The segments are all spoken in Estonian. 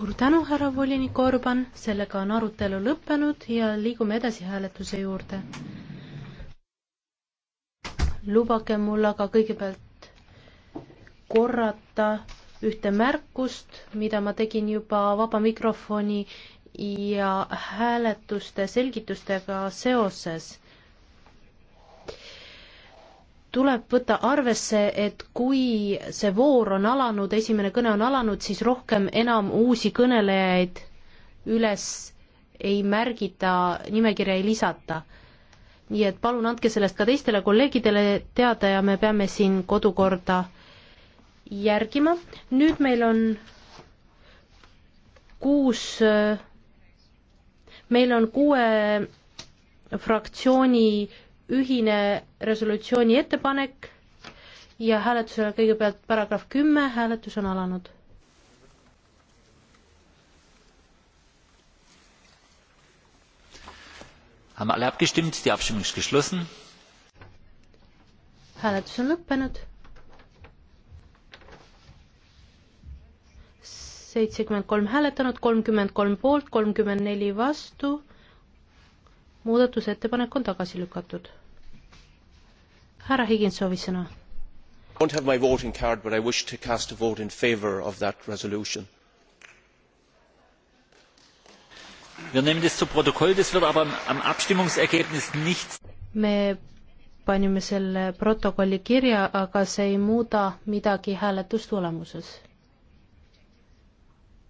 suur tänu, härra volinik Orban, sellega on arutelu lõppenud ja liigume edasi hääletuse juurde. lubage mul aga kõigepealt korrata ühte märkust, mida ma tegin juba vaba mikrofoni ja hääletuste selgitustega seoses tuleb võtta arvesse, et kui see voor on alanud, esimene kõne on alanud, siis rohkem enam uusi kõnelejaid üles ei märgita, nimekirja ei lisata. nii et palun andke sellest ka teistele kolleegidele teada ja me peame siin kodukorda järgima. nüüd meil on kuus, meil on kuue fraktsiooni ühine resolutsiooni ettepanek ja hääletusele kõigepealt paragrahv kümme, hääletus on alanud. hääletus on lõppenud. seitsekümmend kolm hääletanud, kolmkümmend kolm poolt, kolmkümmend neli vastu muudatusettepanek on tagasi lükatud. härra Higins soovis sõna. I don't have my voting card but I wish to cast a vote in favour of that resolution. Wir nehmen das zu Protokoll, das wird aber am Abstimmungsergebnis nichts. Me panime selle protokolli kirja, aga see ei muuda midagi hääletustulemuses.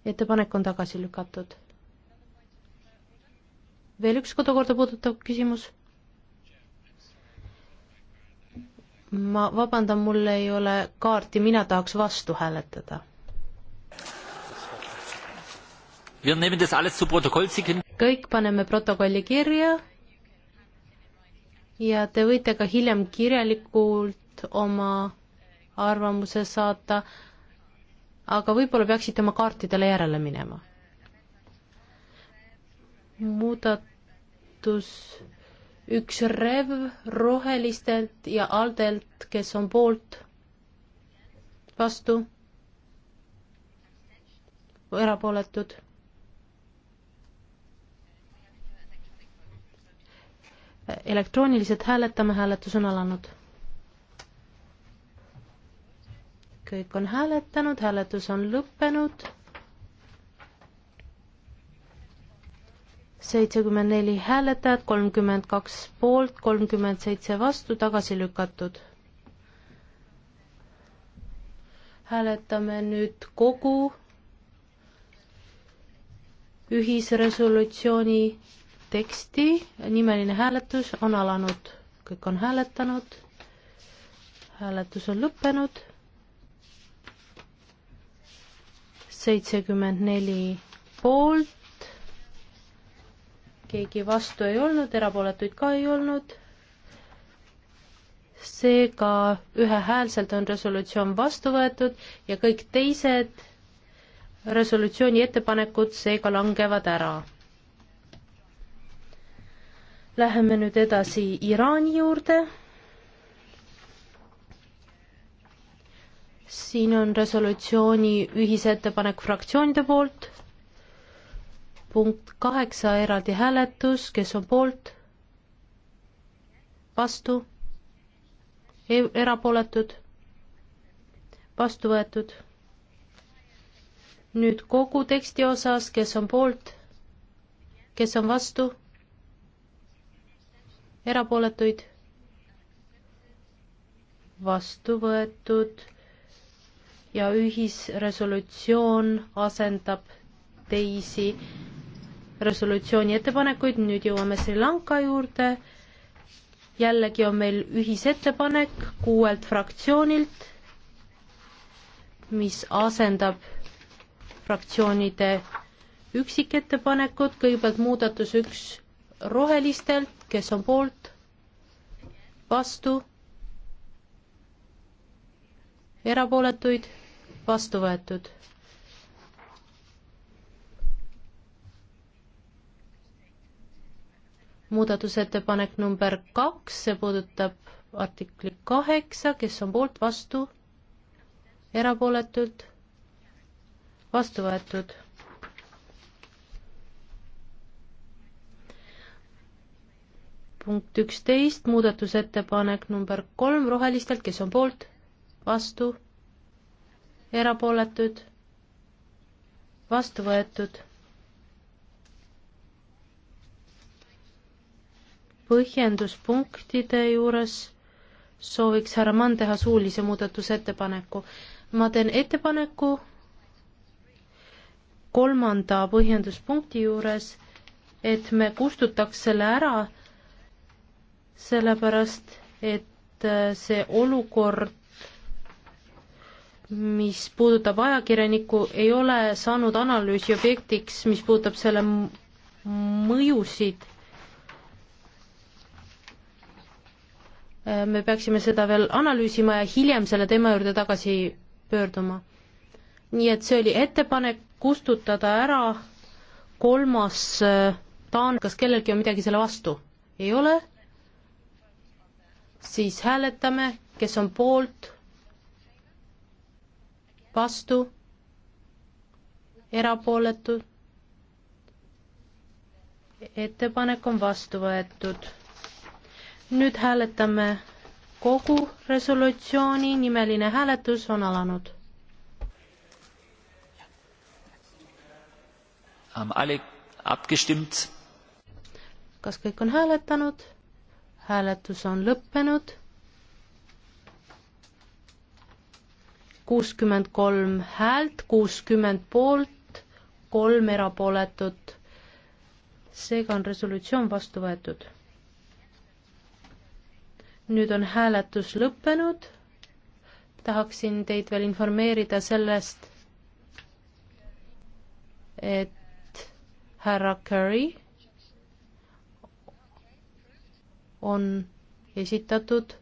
ettepanek on tagasi lükatud veel üks kodukorda puudutav küsimus. ma vabandan, mul ei ole kaarti, mina tahaks vastu hääletada. kõik paneme protokolli kirja ja te võite ka hiljem kirjalikult oma arvamuse saata, aga võib-olla peaksite oma kaartidele järele minema muudat-, muudatus üks rev rohelistelt ja aldelt, kes on poolt, vastu, erapooletud. elektrooniliselt hääletame, hääletus on alanud. kõik on hääletanud, hääletus on lõppenud seitsekümmend neli hääletajat, kolmkümmend kaks poolt, kolmkümmend seitse vastu, tagasi lükatud. hääletame nüüd kogu ühisresolutsiooni teksti, nimeline hääletus on alanud, kõik on hääletanud, hääletus on lõppenud, seitsekümmend neli poolt, keegi vastu ei olnud, erapooletuid ka ei olnud. seega ühehäälselt on resolutsioon vastu võetud ja kõik teised resolutsiooni ettepanekud seega langevad ära. Läheme nüüd edasi Iraani juurde. siin on resolutsiooni ühisettepanek fraktsioonide poolt punkt kaheksa eraldi hääletus, kes on poolt, vastu, e-, erapooletud, vastu võetud. nüüd kogu teksti osas, kes on poolt, kes on vastu, erapooletuid, vastu võetud ja ühisresolutsioon asendab teisi resolutsiooni ettepanekuid, nüüd jõuame Sri Lanka juurde. jällegi on meil ühisettepanek kuuelt fraktsioonilt, mis asendab fraktsioonide üksikettepanekud, kõigepealt muudatus üks rohelistelt, kes on poolt, vastu, erapooletuid, vastu võetud muudatusettepanek number kaks, see puudutab artikli kaheksa, kes on poolt, vastu, erapooletult, vastu võetud. punkt üksteist, muudatusettepanek number kolm rohelistelt, kes on poolt, vastu, erapooletud, vastu võetud põhjenduspunktide juures sooviks härra Mann teha suulise muudatusettepaneku. ma teen ettepaneku kolmanda põhjenduspunkti juures, et me kustutaks selle ära, sellepärast et äh, see olukord, mis puudutab ajakirjanikku, ei ole saanud analüüsi objektiks, mis puudutab selle mõjusid me peaksime seda veel analüüsima ja hiljem selle teema juurde tagasi pöörduma. nii et see oli ettepanek kustutada ära kolmas äh, taan, kas kellelgi on midagi selle vastu? ei ole? siis hääletame, kes on poolt, vastu, erapooletu. ettepanek on vastu võetud nüüd hääletame kogu resolutsiooni, nimeline hääletus on alanud. kas kõik on hääletanud? hääletus on lõppenud. kuuskümmend kolm häält, kuuskümmend poolt, kolm erapooletut. seega on resolutsioon vastu võetud nüüd on hääletus lõppenud. tahaksin teid veel informeerida sellest, et härra Curry on esitatud